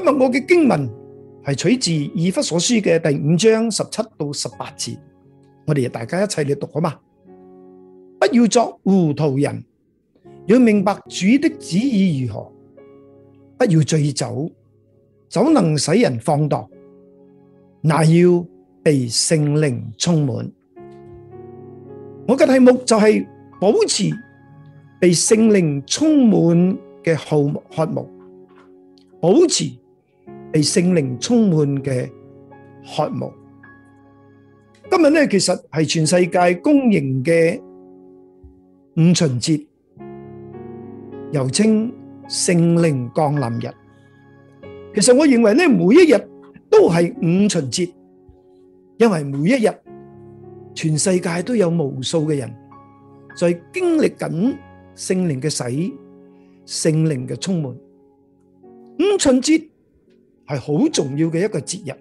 今日我嘅經文係取自以弗所書嘅第五章十七到十八節，我哋大家一齊嚟讀好嘛？不要作糊塗人，要明白主的旨意如何。不要醉酒，酒能使人放蕩。那要被聖靈充滿。我嘅題目就係保持被聖靈充滿嘅好渴慕，保持。係聖靈充滿嘅渴望。今日咧，其實係全世界公認嘅五旬節，又稱聖靈降臨日。其實我認為咧，每一日都係五旬節，因為每一日全世界都有無數嘅人在經歷緊聖靈嘅洗、聖靈嘅充滿。五旬節。係好重要嘅一個節日，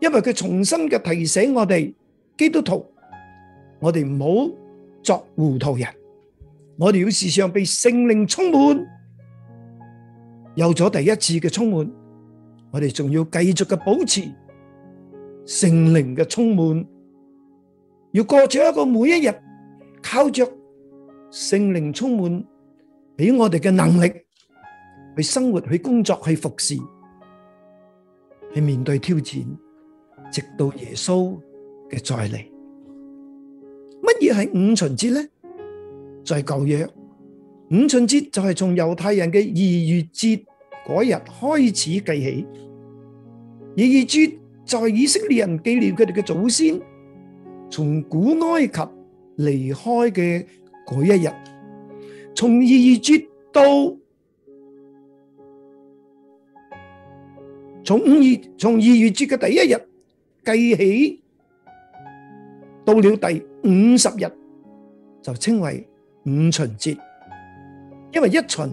因為佢重新嘅提醒我哋基督徒，我哋唔好作糊塗人，我哋要時常被聖靈充滿。有咗第一次嘅充滿，我哋仲要繼續嘅保持聖靈嘅充滿，要過住一個每一日靠着聖靈充滿，俾我哋嘅能力去生活、去工作、去服侍。去面對挑戰，直到耶穌嘅再嚟。乜嘢係五旬節咧？在舊約，五旬節就係從猶太人嘅二月節嗰日開始計起。二月節就係以色列人紀念佢哋嘅祖先從古埃及離開嘅嗰一日，從二月節到。從五月從二月節嘅第一日計起，到了第五十日就稱為五旬節，因為一旬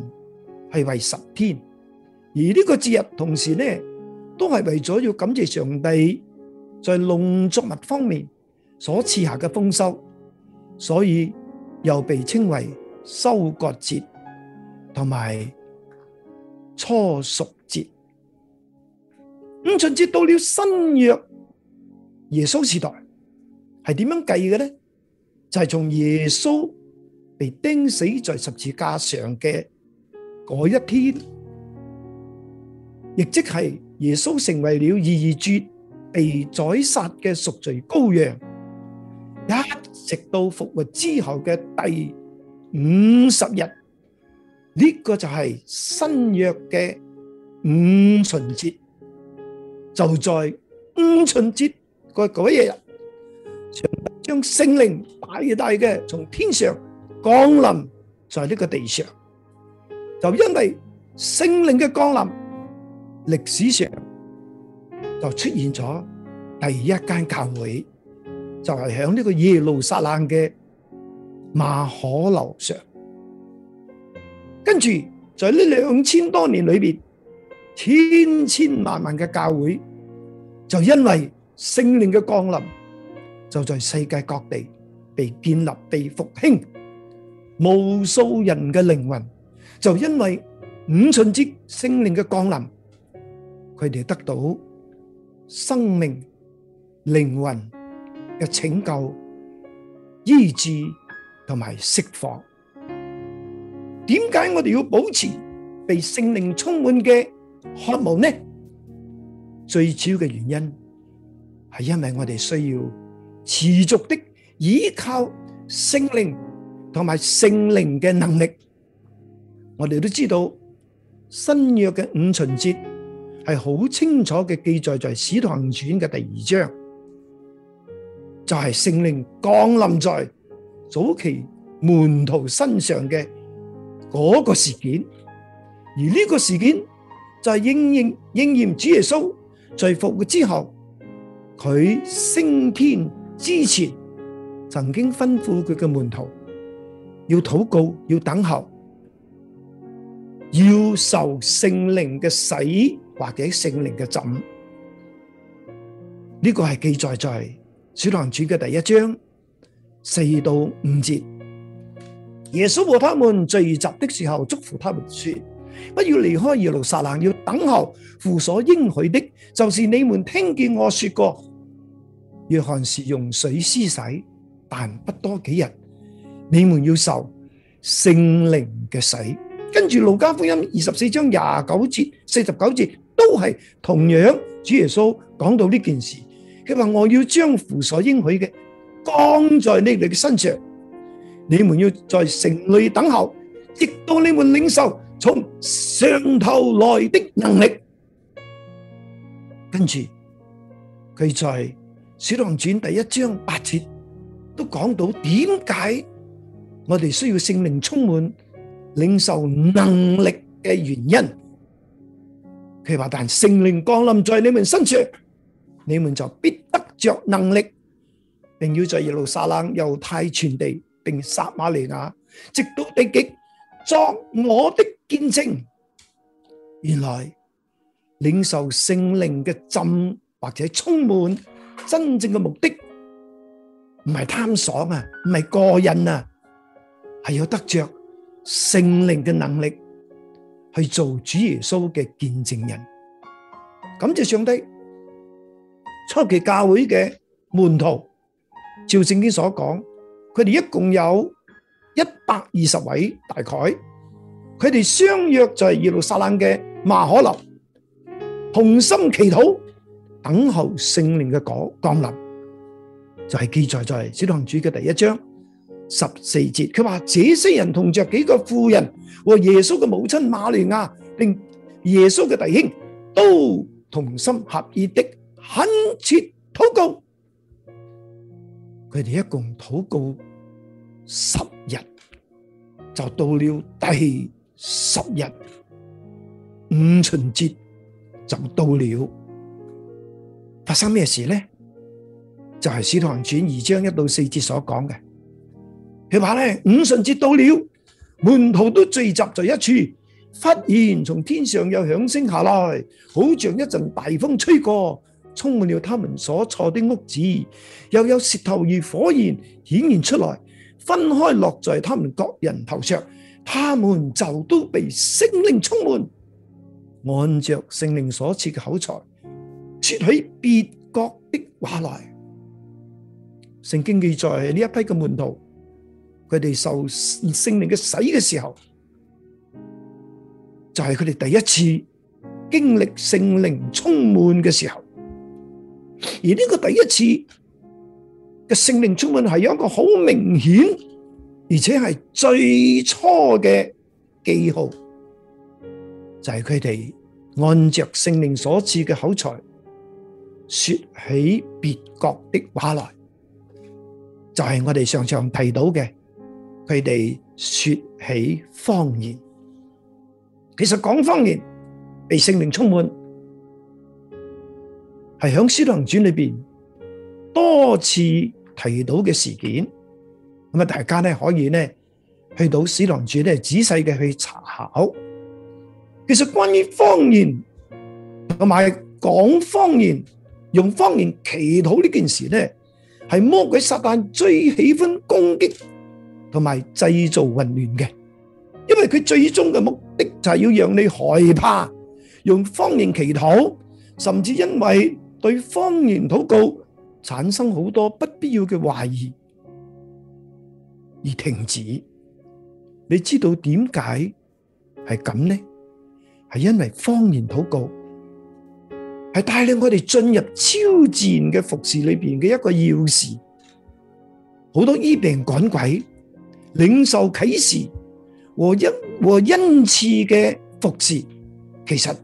係為十天，而呢個節日同時呢都係為咗要感謝上帝在農作物方面所賜下嘅豐收，所以又被稱為收割節同埋初熟節。五旬節到了新約，耶穌時代係點樣計嘅呢？就係從耶穌被釘死在十字架上嘅嗰一天，亦即係耶穌成為了逾越節被宰殺嘅贖罪羔羊，一直到復活之後嘅第五十日，呢個就係新約嘅五旬節。就在五旬節嗰嗰一日，將聖靈大大嘅從天上降臨在呢個地上，就因為聖靈嘅降臨，歷史上就出現咗第一間教會，就係喺呢個耶路撒冷嘅馬可樓上，跟住在呢兩千多年裏面。千千萬萬嘅教會就因為聖靈嘅降臨，就在世界各地被建立、被復興。無數人嘅靈魂就因為五旬節聖靈嘅降臨，佢哋得到生命、靈魂嘅拯救、醫治同埋釋放。點解我哋要保持被聖靈充滿嘅？渴望呢最主要嘅原因係因為我哋需要持續的依靠聖靈同埋聖靈嘅能力，我哋都知道新約嘅五旬節係好清楚嘅記載在使徒行傳嘅第二章，就係聖靈降臨在早期門徒身上嘅嗰個事件，而呢個事件。在應驗應驗，主耶穌在復活之後，佢升天之前，曾經吩咐佢嘅門徒要禱告、要等候、要受聖靈嘅洗或者聖靈嘅浸。呢個係記載在《小堂主》嘅第一章四到五節。耶穌和他們聚集的時候，祝福他們說。不要離開耶路撒冷，要等候父所應許的，就是你們聽見我說過。約翰是用水施洗，但不多幾日，你們要受聖靈嘅洗。跟住《路加福音》二十四章廿九節四十九節，都係同樣主耶穌講到呢件事。佢話我要將父所應許嘅降在你哋嘅身上，你們要在城裏等候。直到你們領受從上頭來的能力，跟住佢在《使徒行傳》第一章八節都講到點解我哋需要聖靈充滿領受能力嘅原因。佢話但聖靈降臨在你們身上，你們就必得着能力，並要在耶路撒冷、猶太全地並撒瑪利亞，直到地極。作我的見證，原來領受聖靈嘅浸或者充滿真正嘅目的，唔係貪爽啊，唔係過癮啊，係有得着聖靈嘅能力，去做主耶穌嘅見證人。感謝上帝，初期教會嘅門徒，照聖經所講，佢哋一共有。一百二十位大概，佢哋相約在耶路撒冷嘅馬可樓，同心祈禱，等候聖靈嘅降降臨。就係記載在小堂主嘅第一章十四節，佢話這些人同着幾個婦人和耶穌嘅母親馬利亞，並耶穌嘅弟兄，都同心合意的懇切禱告。佢哋一共禱告十日就到了第十日，五旬節就到了，發生咩事呢？就係、是《使徒行傳》二章一到四節所講嘅。佢話呢，五旬節到了，門徒都聚集在一處，忽然從天上又響聲下來，好像一陣大風吹過，充滿了他們所坐的屋子，又有舌頭如火焰顯現出來。分開落在他們各人頭上，他們就都被聖靈充滿，按着聖靈所賜嘅口才，說起別國的話來。聖經記載呢一批嘅門徒，佢哋受聖靈嘅洗嘅時候，就係佢哋第一次經歷聖靈充滿嘅時候，而呢個第一次，嘅聖靈充滿係有一個好明顯，而且係最初嘅記號，就係佢哋按着聖靈所賜嘅口才說起別國的話來，就係我哋常常提到嘅，佢哋說起方言。其實講方言被聖靈充滿，係響使徒行傳裏邊。多次提到嘅事件，咁啊，大家咧可以咧去到史量處咧仔細嘅去查考。其實關於方言同埋講方言，用方言祈禱呢件事咧，係魔鬼撒旦最喜歡攻擊同埋製造混亂嘅，因為佢最終嘅目的就係要讓你害怕，用方言祈禱，甚至因為對方言禱告。產生好多不必要嘅懷疑而停止，你知道點解係咁呢？係因為方言禱告係帶領我哋進入超自然嘅服侍裏邊嘅一個要事。好多醫病趕鬼、領受啟示和一和恩賜嘅服侍，其實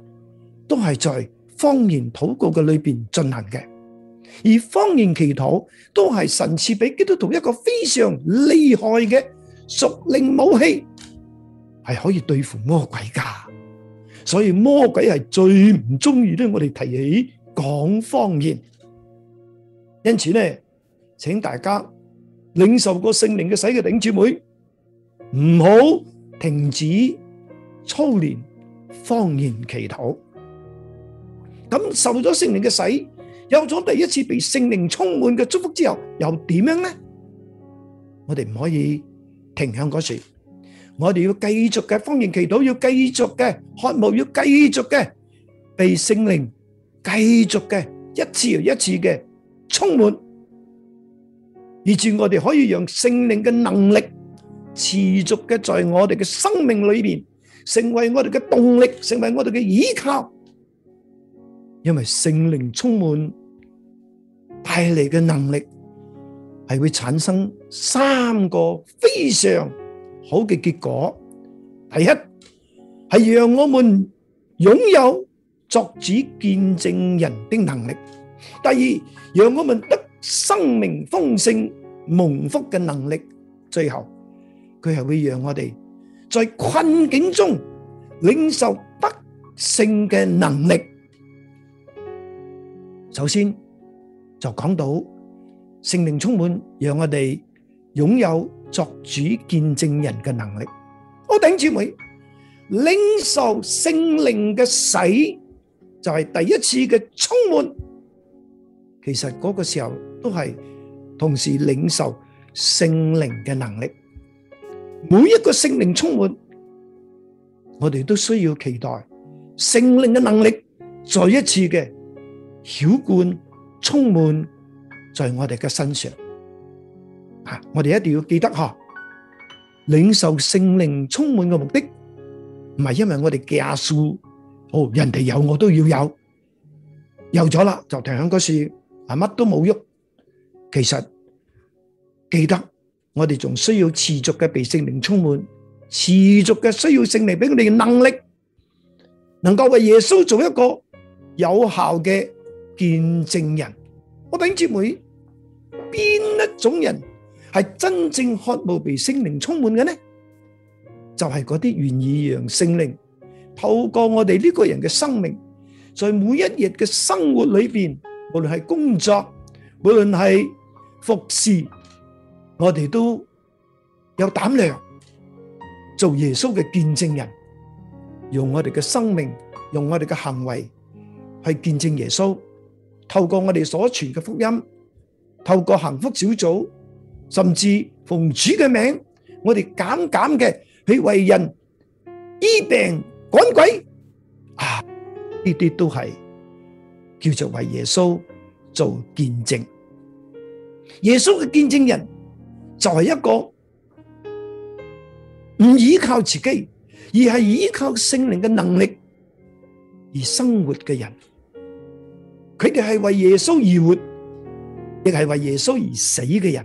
都係在方言禱告嘅裏邊進行嘅。而方言祈禱都係神賜俾基督徒一個非常厲害嘅屬靈武器，係可以對付魔鬼噶。所以魔鬼係最唔中意咧，我哋提起講方言。因此咧，請大家領受過聖靈嘅洗嘅弟兄姊妹，唔好停止操練方言祈禱。咁受咗聖靈嘅洗。有咗第一次被聖靈充滿嘅祝福之後，又點樣呢？我哋唔可以停向嗰時，我哋要繼續嘅方言祈禱，要繼續嘅渴慕，要繼續嘅被聖靈繼續嘅一次又一次嘅充滿，以致我哋可以讓聖靈嘅能力持續嘅在我哋嘅生命裏邊，成為我哋嘅動力，成為我哋嘅依靠，因為聖靈充滿。帶嚟嘅能力係會產生三個非常好嘅結果。第一，係讓我們擁有作主見證人的能力；第二，讓我們得生命豐盛蒙福嘅能力；最後，佢係會讓我哋在困境中領受得勝嘅能力。首先。就講到聖靈充滿，讓我哋擁有作主見證人嘅能力。我頂住，每領受聖靈嘅洗就係第一次嘅充滿。其實嗰個時候都係同時領受聖靈嘅能力。每一個聖靈充滿，我哋都需要期待聖靈嘅能力再一次嘅澆灌，充滿在我哋嘅身上，啊！我哋一定要記得嗬、啊，領受聖靈充滿嘅目的，唔係因為我哋嫁樹，哦，人哋有我都要有，有咗啦就停響嗰處，係、啊、乜都冇喐。其實記得我哋仲需要持續嘅被聖靈充滿，持續嘅需要聖靈俾我哋嘅能力，能夠為耶穌做一個有效嘅。見證人，我頂住每邊一種人係真正渴望被聖靈充滿嘅呢，就係嗰啲願意讓聖靈透過我哋呢個人嘅生命，在每一日嘅生活裏邊，無論係工作，無論係服侍，我哋都有膽量做耶穌嘅見證人，用我哋嘅生命，用我哋嘅行為去見證耶穌。透過我哋所傳嘅福音，透過幸福小組，甚至奉主嘅名，我哋減減嘅去為人醫病趕鬼，啊，呢啲都係叫做為耶穌做見證。耶穌嘅見證人就係一個唔依靠自己，而係依靠聖靈嘅能力而生活嘅人。佢哋係為耶穌而活，亦係為耶穌而死嘅人。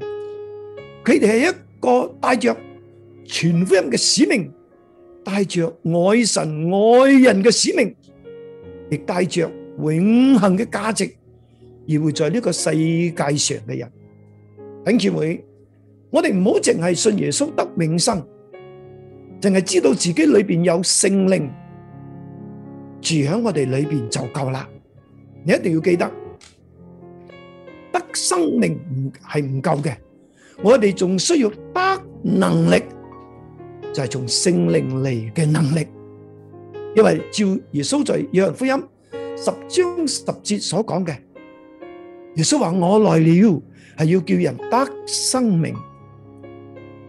佢哋係一個帶着全福音嘅使命，帶着愛神愛人嘅使命，亦帶着永恒嘅價值而活在呢個世界上嘅人。弟兄姊妹，我哋唔好凈係信耶穌得永生，凈係知道自己裏邊有聖靈住喺我哋裏邊就夠啦。你一定要記得，得生命係唔夠嘅，我哋仲需要得能力，就係從聖靈嚟嘅能力。因為照耶穌在約翰福音十章十節所講嘅，耶穌話我來了係要叫人得生命，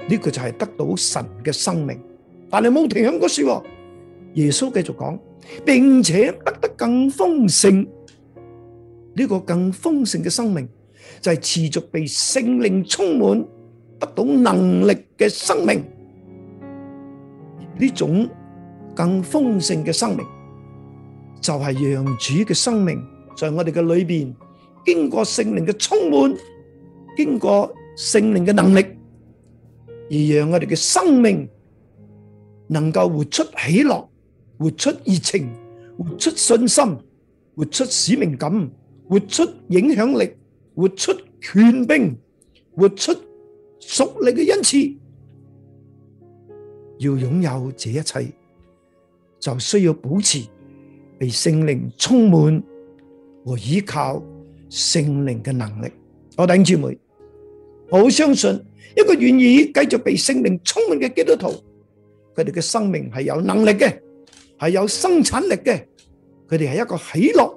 呢個就係得到神嘅生命。但係冇停響嗰處，耶穌繼續講，並且得得更豐盛。呢個更豐盛嘅生命就係持續被聖靈充滿、得到能力嘅生命。而呢種更豐盛嘅生命就係讓主嘅生命在我哋嘅裏邊，經過聖靈嘅充滿，經過聖靈嘅能力，而讓我哋嘅生命能夠活出喜樂、活出熱情、活出信心、活出使命感。活出影響力，活出權柄，活出屬靈嘅恩賜，要擁有這一切，就需要保持被聖靈充滿和依靠聖靈嘅能力。我等姊妹，我好相信一個願意繼續被聖靈充滿嘅基督徒，佢哋嘅生命係有能力嘅，係有生產力嘅，佢哋係一個喜樂。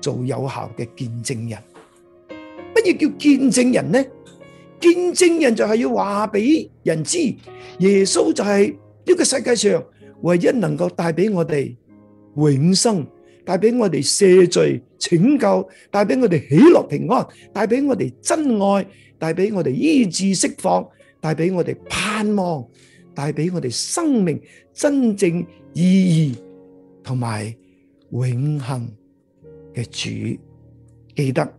做有效嘅見證人，乜嘢叫見證人呢？見證人就係要話俾人知，耶穌就係呢個世界上唯一能夠帶俾我哋永生，帶俾我哋赦罪、拯救，帶俾我哋喜樂、平安，帶俾我哋真愛，帶俾我哋醫治、釋放，帶俾我哋盼望，帶俾我哋生命真正意義同埋永恆。嘅主記得，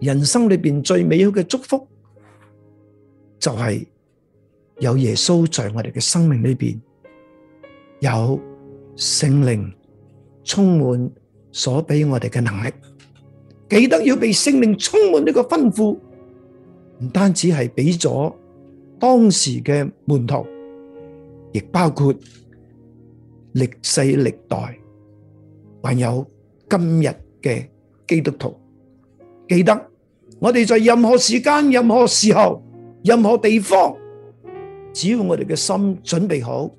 人生裏邊最美好嘅祝福就係有耶穌在我哋嘅生命裏邊，有聖靈充滿所俾我哋嘅能力。記得要被聖靈充滿呢個吩咐，唔單止係俾咗當時嘅門徒，亦包括歷世歷代。還有今日嘅基督徒，記得我哋在任何時間、任何時候、任何地方，只要我哋嘅心準備好，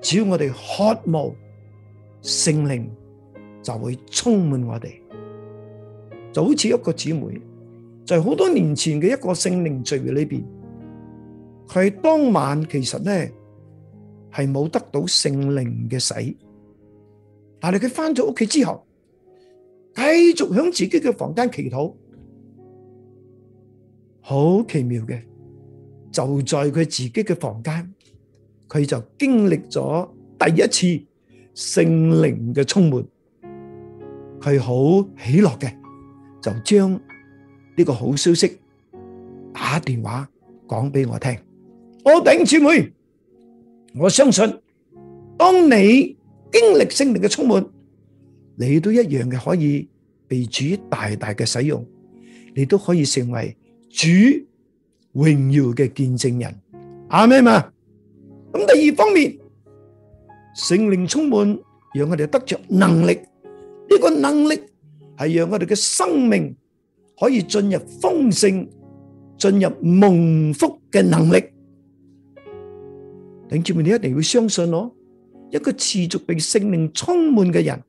只要我哋渴望聖靈，就會充滿我哋。就好似一個姊妹，在好多年前嘅一個聖靈聚會裏邊，佢當晚其實呢係冇得到聖靈嘅洗。但係佢翻咗屋企之後，繼續響自己嘅房間祈禱，好奇妙嘅，就在佢自己嘅房間，佢就經歷咗第一次聖靈嘅充滿，佢好喜樂嘅，就將呢個好消息打電話講俾我聽，我頂姊妹，我相信當你。經歷聖靈嘅充滿，你都一樣嘅可以被主大大嘅使用，你都可以成為主榮耀嘅見證人。阿門嘛，咁第二方面，聖靈充滿，讓我哋得着能力。呢個能力係讓我哋嘅生命可以進入豐盛，進入蒙福嘅能力。弟兄們，你一定要相信我。一個持續被聖靈充滿嘅人，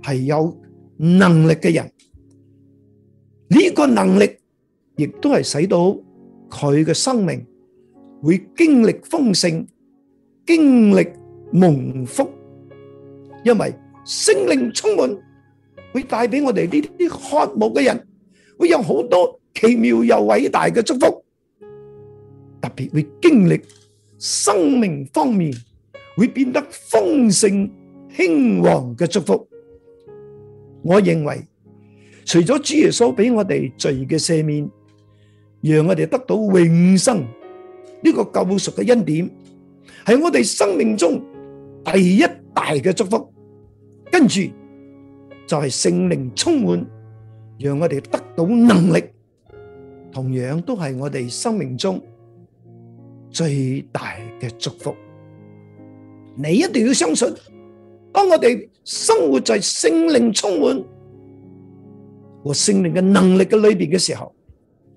係有能力嘅人，呢個能力亦都係使到佢嘅生命會經歷豐盛，經歷蒙福，因為聖靈充滿會帶俾我哋呢啲渴望嘅人，會有好多奇妙又偉大嘅祝福，特別會經歷生命方面。會變得豐盛興旺嘅祝福，我認為除咗主耶穌俾我哋罪嘅赦免，讓我哋得到永生呢個救贖嘅恩典，係我哋生命中第一大嘅祝福。跟住就係聖靈充滿，讓我哋得到能力，同樣都係我哋生命中最大嘅祝福。你一定要相信，當我哋生活在聖靈充滿和聖靈嘅能力嘅裏邊嘅時候，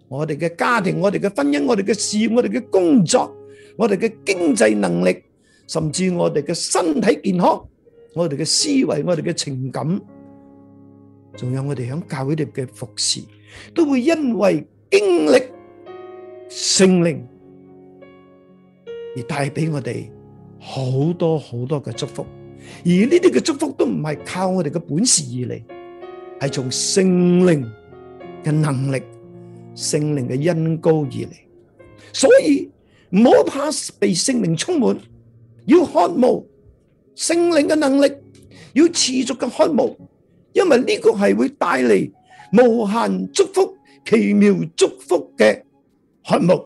我哋嘅家庭、我哋嘅婚姻、我哋嘅事業、我哋嘅工作、我哋嘅經濟能力，甚至我哋嘅身體健康、我哋嘅思維、我哋嘅情感，仲有我哋響教會度嘅服侍，都會因為經歷聖靈而帶俾我哋。好多好多嘅祝福，而呢啲嘅祝福都唔係靠我哋嘅本事而嚟，係從聖靈嘅能力、聖靈嘅恩膏而嚟。所以唔好怕被聖靈充滿，要渴慕聖靈嘅能力，要持續嘅渴慕，因為呢個係會帶嚟無限祝福、奇妙祝福嘅渴慕。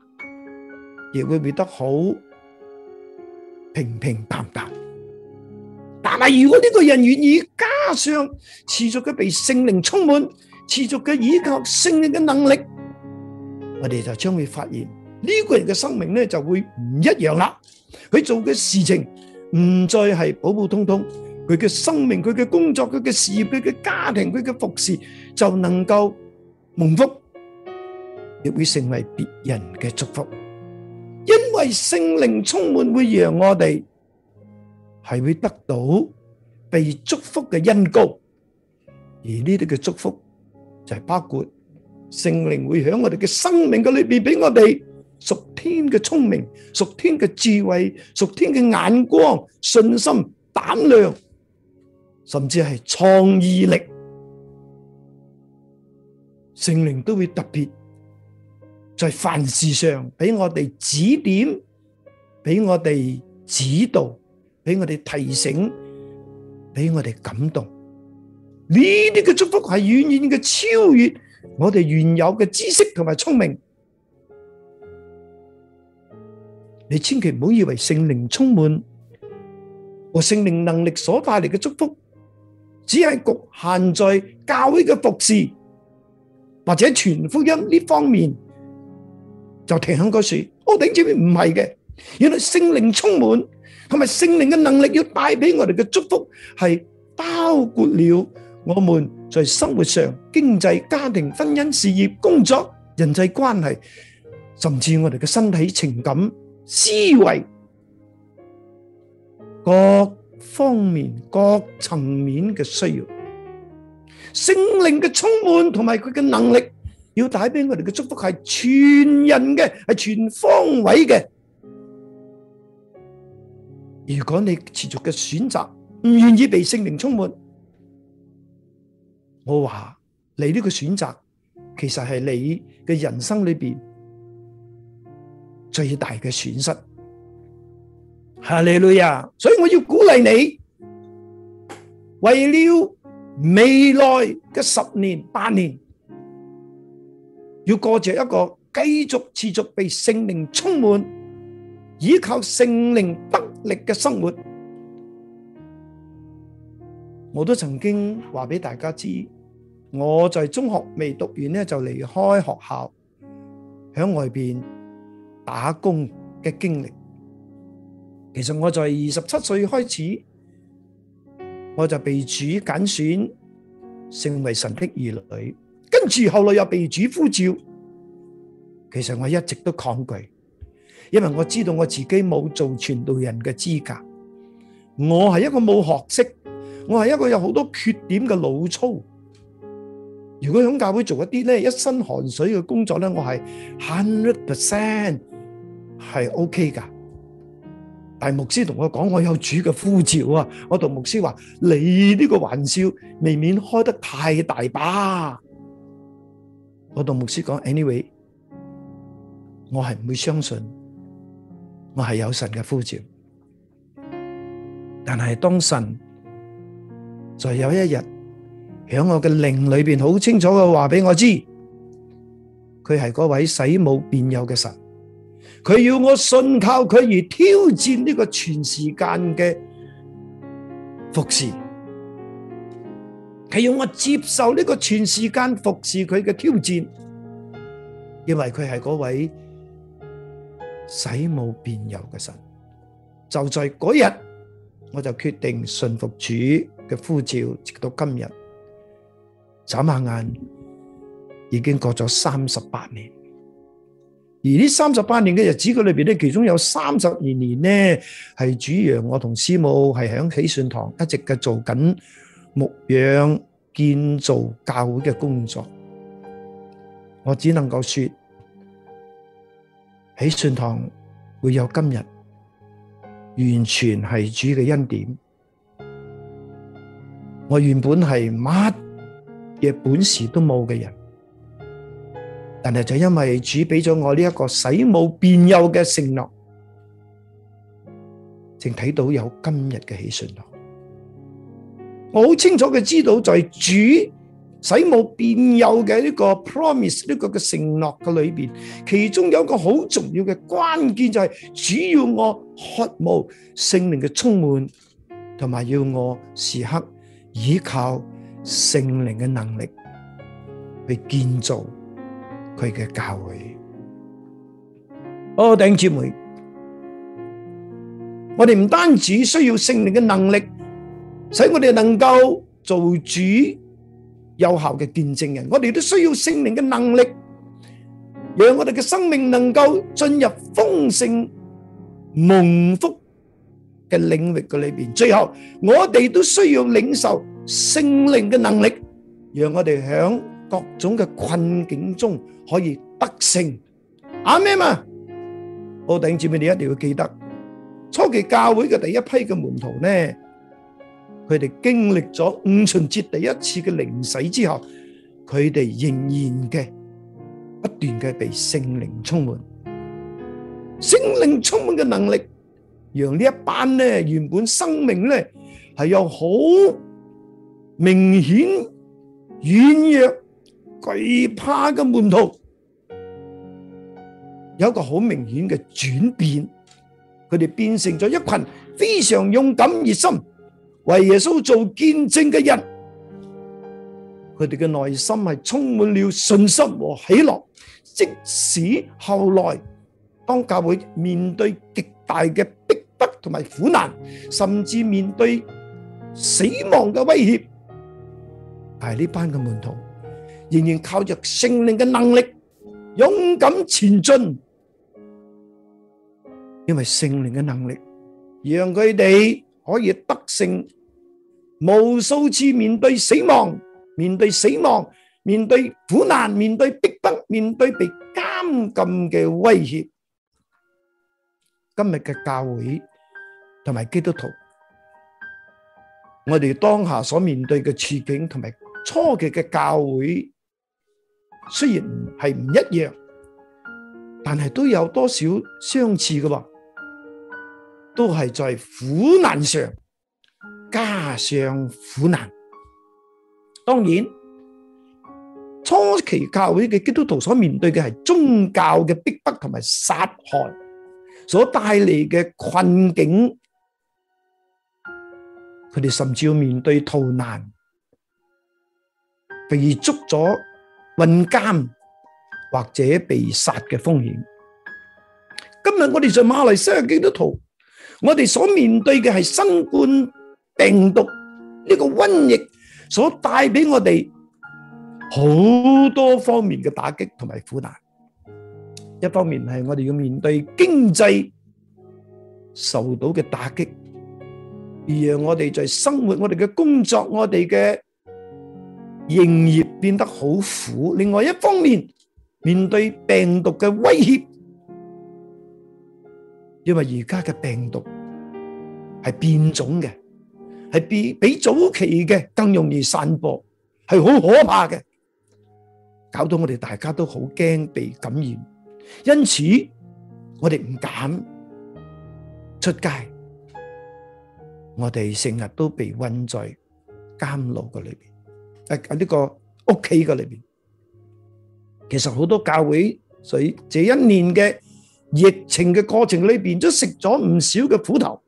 亦會變得好平平淡淡。但係如果呢個人願意加上持續嘅被聖靈充滿，持續嘅依靠聖靈嘅能力，我哋就將會發現呢個人嘅生命咧就會唔一樣啦。佢做嘅事情唔再係普普通通，佢嘅生命、佢嘅工作、佢嘅事業、佢嘅家庭、佢嘅服侍就能夠蒙福，亦會成為別人嘅祝福。係聖靈充滿，會讓我哋係會得到被祝福嘅恩膏，而呢啲嘅祝福就係包括聖靈會響我哋嘅生命嘅裏邊，俾我哋屬天嘅聰明、屬天嘅智慧、屬天嘅眼光、信心、膽量，甚至係創意力，聖靈都會特別。在凡事上俾我哋指點，俾我哋指導，俾我哋提醒，俾我哋感動。呢啲嘅祝福係遠遠嘅超越我哋原有嘅知識同埋聰明。你千祈唔好以為聖靈充滿和聖靈能力所帶嚟嘅祝福，只係局限在教會嘅服侍或者傳福音呢方面。就停喺嗰樹，我頂住唔係嘅。原來聖靈充滿，同埋聖靈嘅能力要帶俾我哋嘅祝福，係包括了我們在生活上、經濟、家庭、婚姻、事業、工作、人際關係，甚至我哋嘅身體、情感、思維，各方面、各層面嘅需要。聖靈嘅充滿同埋佢嘅能力。要帶俾我哋嘅祝福係全人嘅，係全方位嘅。如果你持續嘅選擇唔願意被聖靈充滿，我話你呢個選擇其實係你嘅人生裏邊最大嘅損失。哈利路亞！所以我要鼓勵你，為了未來嘅十年、八年。要過着一個繼續持續被聖靈充滿、依靠聖靈得力嘅生活，我都曾經話俾大家知，我在中學未讀完呢就離開學校，響外邊打工嘅經歷。其實我在二十七歲開始，我就被主揀選成為神的兒女。跟住後來又被主呼召，其實我一直都抗拒，因為我知道我自己冇做傳道人嘅資格，我係一個冇學識，我係一個有好多缺點嘅老粗。如果響教會做一啲咧，一身汗水嘅工作咧，我係 hundred percent 係 OK 噶。但係牧師同我講，我有主嘅呼召啊。我同牧師話：你呢個玩笑未免開得太大把。我同牧師講，Anyway，我係唔會相信我係有神嘅呼召，但係當神在有一日響我嘅靈裏邊好清楚嘅話俾我知，佢係嗰位使冇變有嘅神，佢要我信靠佢而挑戰呢個全時間嘅服侍。佢要我接受呢個全時間服侍佢嘅挑戰，因為佢係嗰位使無變有嘅神。就在嗰日，我就決定信服主嘅呼召，直到今日。眨下眼，已經過咗三十八年。而呢三十八年嘅日子嘅裏邊咧，其中有三十二年咧係主讓我同師母係響喜信堂一直嘅做緊牧養、建造教會嘅工作，我只能夠說喜信堂會有今日，完全係主嘅恩典。我原本係乜嘢本事都冇嘅人，但係就因為主俾咗我呢一個使冇變有嘅承諾，淨睇到有今日嘅喜信堂。我好清楚佢知道，在主使冇變有嘅呢個 promise，呢個嘅承諾嘅裏邊，其中有一個好重要嘅關鍵就係，主要我渴慕聖靈嘅充滿，同埋要我時刻倚靠聖靈嘅能力去建造佢嘅教會。哦，頂姊妹，我哋唔單止需要聖靈嘅能力。使我哋能夠做主有效嘅見證人，我哋都需要聖靈嘅能力，讓我哋嘅生命能夠進入豐盛、蒙福嘅領域嘅裏邊。最後，我哋都需要領受聖靈嘅能力，讓我哋響各種嘅困境中可以得勝。啱咩嘛？我頂姊妹，你一定要記得，初期教會嘅第一批嘅門徒呢？佢哋經歷咗五旬節第一次嘅靈洗之後，佢哋仍然嘅不斷嘅被聖靈充滿，聖靈充滿嘅能力，讓呢一班呢原本生命呢係有好明顯軟弱懼怕嘅門徒，有一個好明顯嘅轉變，佢哋變成咗一群非常勇敢熱心。為耶穌做見證嘅人，佢哋嘅內心係充滿了信心和喜樂。即使後來當教會面對極大嘅逼迫同埋苦難，甚至面對死亡嘅威脅，但係呢班嘅門徒仍然靠着聖靈嘅能力勇敢前進，因為聖靈嘅能力讓佢哋。可以得勝，無數次面對死亡，面對死亡，面對苦難，面對逼迫，面對被監禁嘅威脅。今日嘅教會同埋基督徒，我哋當下所面對嘅處境同埋初期嘅教會，雖然係唔一樣，但係都有多少相似嘅喎。都係在苦難上，加上苦難。當然，初期教會嘅基督徒所面對嘅係宗教嘅逼迫同埋殺害，所帶嚟嘅困境，佢哋甚至要面對逃難、被捉咗、運監或者被殺嘅風險。今日我哋在馬來西亞嘅基督徒。我哋所面對嘅係新冠病毒呢個瘟疫所帶俾我哋好多方面嘅打擊同埋苦難。一方面係我哋要面對經濟受到嘅打擊，而讓我哋在生活、我哋嘅工作、我哋嘅營業變得好苦。另外一方面，面對病毒嘅威脅，因為而家嘅病毒。係變種嘅，係比比早期嘅更容易散播，係好可怕嘅，搞到我哋大家都好驚被感染，因此我哋唔敢出街，我哋成日都被困在監牢嘅裏邊，喺喺呢個屋企嘅裏邊。其實好多教會，所以這一年嘅疫情嘅過程裏邊，都食咗唔少嘅苦頭。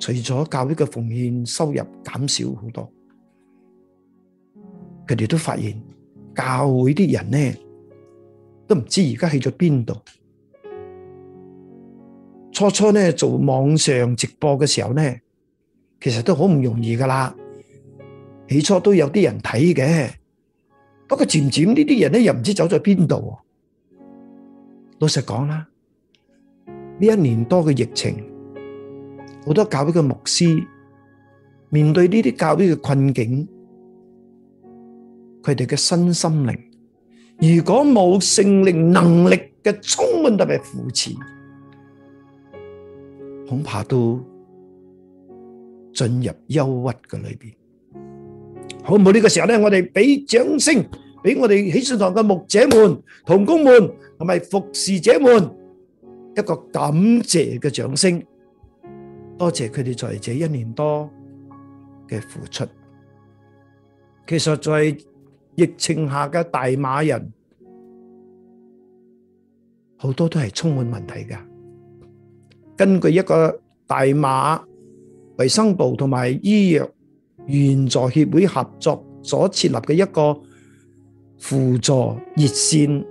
除咗教會嘅奉獻收入減少好多，佢哋都發現教會啲人呢都唔知而家去咗邊度。初初呢做網上直播嘅時候呢，其實都好唔容易噶啦。起初都有啲人睇嘅，不過漸漸呢啲人呢又唔知走咗邊度。老實講啦，呢一年多嘅疫情，好多教會嘅牧師面對呢啲教會嘅困境，佢哋嘅身心靈，如果冇聖靈能力嘅充滿特別扶持，恐怕都進入憂鬱嘅裏邊。好唔好呢個時候咧，我哋俾掌聲俾我哋喜信堂嘅牧者們、同工們同埋服侍者們一個感謝嘅掌聲。多謝佢哋在這一年多嘅付出。其實，在疫情下嘅大馬人，好多都係充滿問題㗎。根據一個大馬衛生部同埋醫藥援助協會合作所設立嘅一個輔助熱線，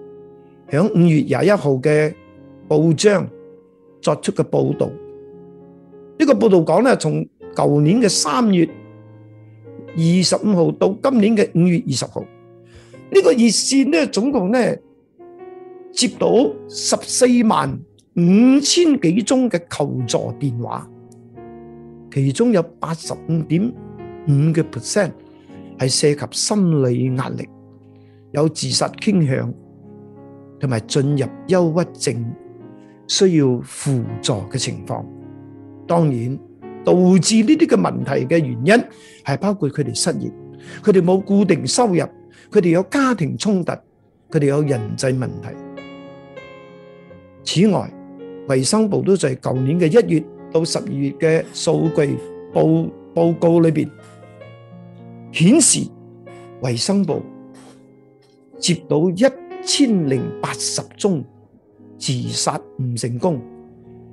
響五月廿一號嘅報章作出嘅報道。呢個報道講咧，從舊年嘅三月二十五號到今年嘅五月二十號，呢個熱線咧總共咧接到十四萬五千幾宗嘅求助電話，其中有八十五點五嘅 percent 係涉及心理壓力、有自殺傾向、同埋進入憂鬱症需要輔助嘅情況。當然，導致呢啲嘅問題嘅原因係包括佢哋失業，佢哋冇固定收入，佢哋有家庭衝突，佢哋有人際問題。此外，衞生部都就係舊年嘅一月到十二月嘅數據報報告裏邊顯示，衞生部接到一千零八十宗自殺唔成功，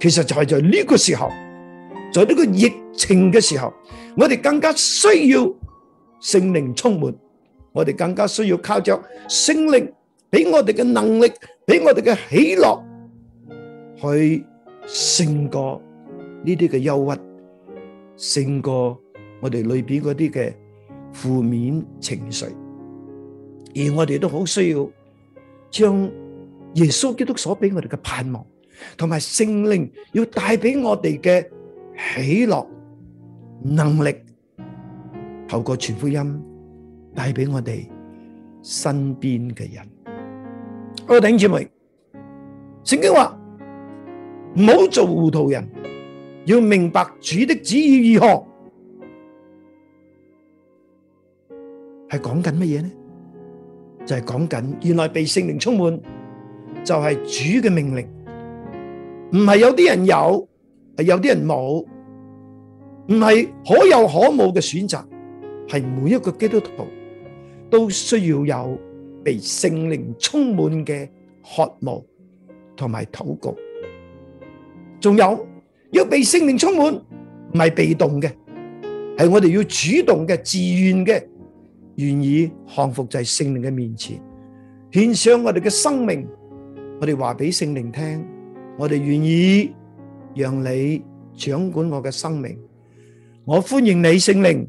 其實就係在呢個時候，在呢個疫情嘅時候，我哋更加需要聖靈充滿，我哋更加需要靠着聖靈，俾我哋嘅能力，俾我哋嘅喜樂，去勝過呢啲嘅憂鬱，勝過我哋裏邊嗰啲嘅負面情緒，而我哋都好需要將耶穌基督所俾我哋嘅盼望。同埋聖靈要帶俾我哋嘅喜樂能力，透過傳福音帶俾我哋身邊嘅人。我頂姊妹，聖經話唔好做糊塗人，要明白主的旨意如何。係講緊乜嘢呢？就係講緊原來被聖靈充滿，就係主嘅命令。唔係有啲人有，係有啲人冇，唔係可有可冇嘅選擇，係每一個基督徒都需要有被聖靈充滿嘅渴望同埋禱告。仲有要被聖靈充滿，唔係被動嘅，係我哋要主動嘅、自願嘅，願意降服在聖靈嘅面前，獻上我哋嘅生命，我哋話俾聖靈聽。我哋願意讓你掌管我嘅生命，我歡迎你聖靈，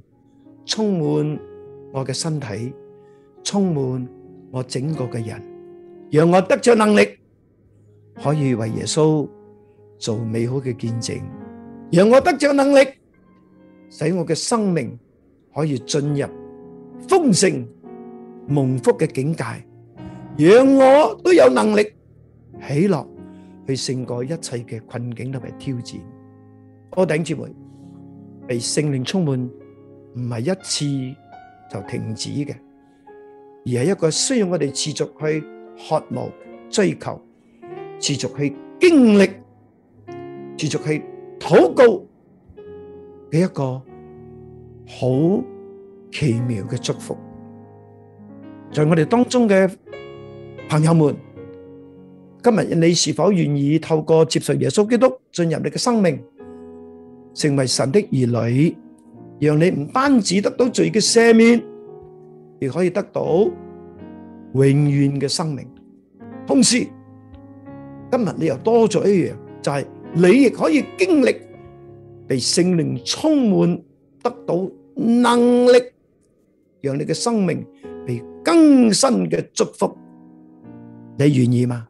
充滿我嘅身體，充滿我整個嘅人，讓我得咗能力可以為耶穌做美好嘅見證，讓我得咗能力使我嘅生命可以進入豐盛蒙福嘅境界，讓我都有能力喜樂。去勝過一切嘅困境同埋挑戰，我頂住佢，被聖靈充滿，唔係一次就停止嘅，而係一個需要我哋持續去渴望、追求、持續去經歷、持續去禱告嘅一個好奇妙嘅祝福，在我哋當中嘅朋友們。今日你是否願意透過接受耶穌基督進入你嘅生命，成為神的兒女，讓你唔單止得到罪嘅赦免，亦可以得到永遠嘅生命？同時，今日你又多咗一樣，就係你亦可以經歷被聖靈充滿，得到能力，讓你嘅生命被更新嘅祝福。你願意嗎？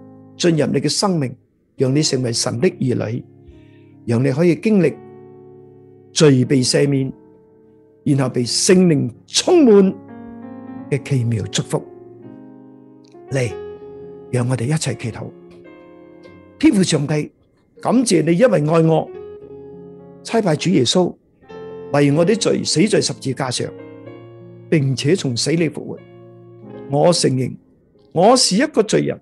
進入你嘅生命，讓你成為神的兒女，讓你可以經歷罪被赦免，然後被聖靈充滿嘅奇妙祝福。嚟，讓我哋一齊祈禱。天父上帝，感謝你，因為愛我，差派主耶穌為我啲罪死在十字架上，並且從死裏復活。我承認，我是一個罪人。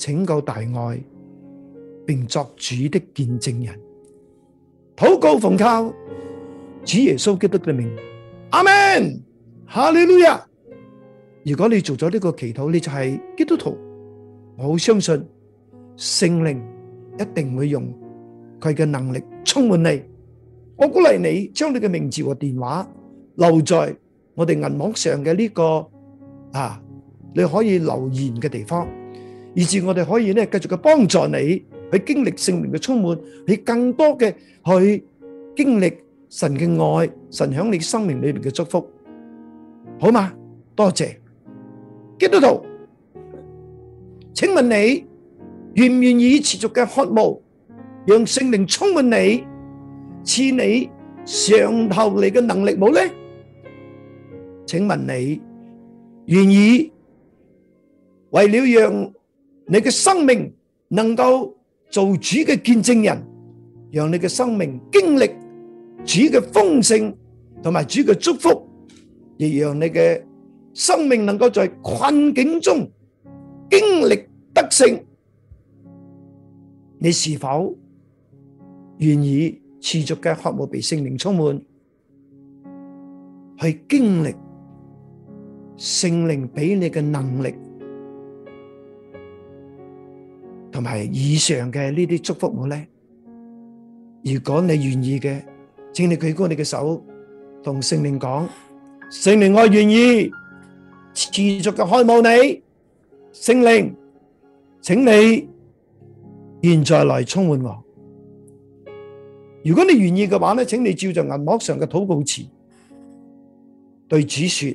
拯救大愛，並作主的見證人，禱告奉靠主耶穌基督嘅名，阿門，哈利路亞。如果你做咗呢個祈禱，你就係基督徒。我好相信聖靈一定會用佢嘅能力充滿你。我鼓勵你將你嘅名字和電話留在我哋銀幕上嘅呢個啊，你可以留言嘅地方。以致我哋可以咧繼續嘅幫助你去經歷聖靈嘅充滿，去更多嘅去經歷神嘅愛，神響你生命裏邊嘅祝福，好嗎？多謝。基督徒，請問你願唔願意持續嘅渴慕，讓聖靈充滿你，賜你上頭嚟嘅能力冇咧？請問你願意為了讓你嘅生命能夠做主嘅見證人，讓你嘅生命經歷主嘅豐盛同埋主嘅祝福，亦讓你嘅生命能夠在困境中經歷得勝。你是否願意持續嘅渴望被聖靈充滿，去經歷聖靈俾你嘅能力？同埋以上嘅呢啲祝福我咧，如果你願意嘅，請你舉高你嘅手，同聖靈講，聖靈我願意持續嘅渴慕你，聖靈，請你現在嚟充滿我。如果你願意嘅話咧，請你照着銀幕上嘅禱告詞對主說，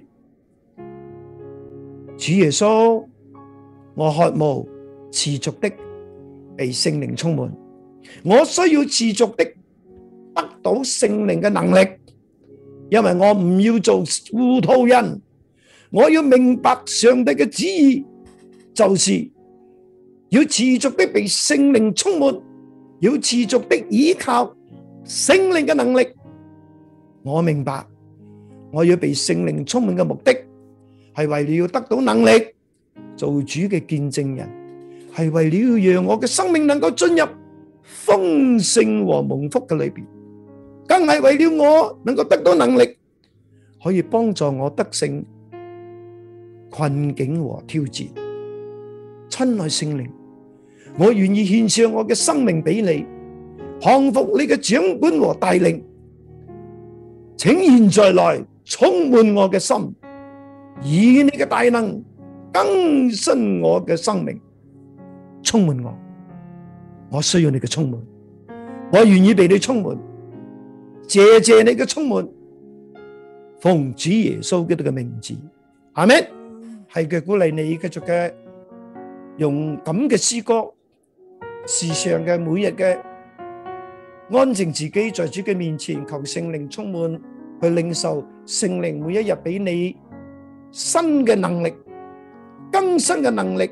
主耶穌，我渴慕持續的。被聖靈充滿，我需要持續的得到聖靈嘅能力，因為我唔要做糊塗人，我要明白上帝嘅旨意，就是要持續的被聖靈充滿，要持續的依靠聖靈嘅能力。我明白我要被聖靈充滿嘅目的，係為了要得到能力，做主嘅見證人。係為了讓我嘅生命能夠進入豐盛和蒙福嘅裏邊，更係為了我能夠得到能力，可以幫助我得勝困境和挑戰。親愛聖靈，我願意獻上我嘅生命俾你，降服你嘅掌管和帶領，請現在來充滿我嘅心，以你嘅大能更新我嘅生命。充滿我，我需要你嘅充滿，我願意被你充滿，謝謝你嘅充滿，奉主耶穌基督嘅名字，阿們。係嘅鼓勵你繼續嘅用咁嘅詩歌，時常嘅每日嘅安靜自己，在主嘅面前求聖靈充滿，去領受聖靈每一日俾你新嘅能力，更新嘅能力。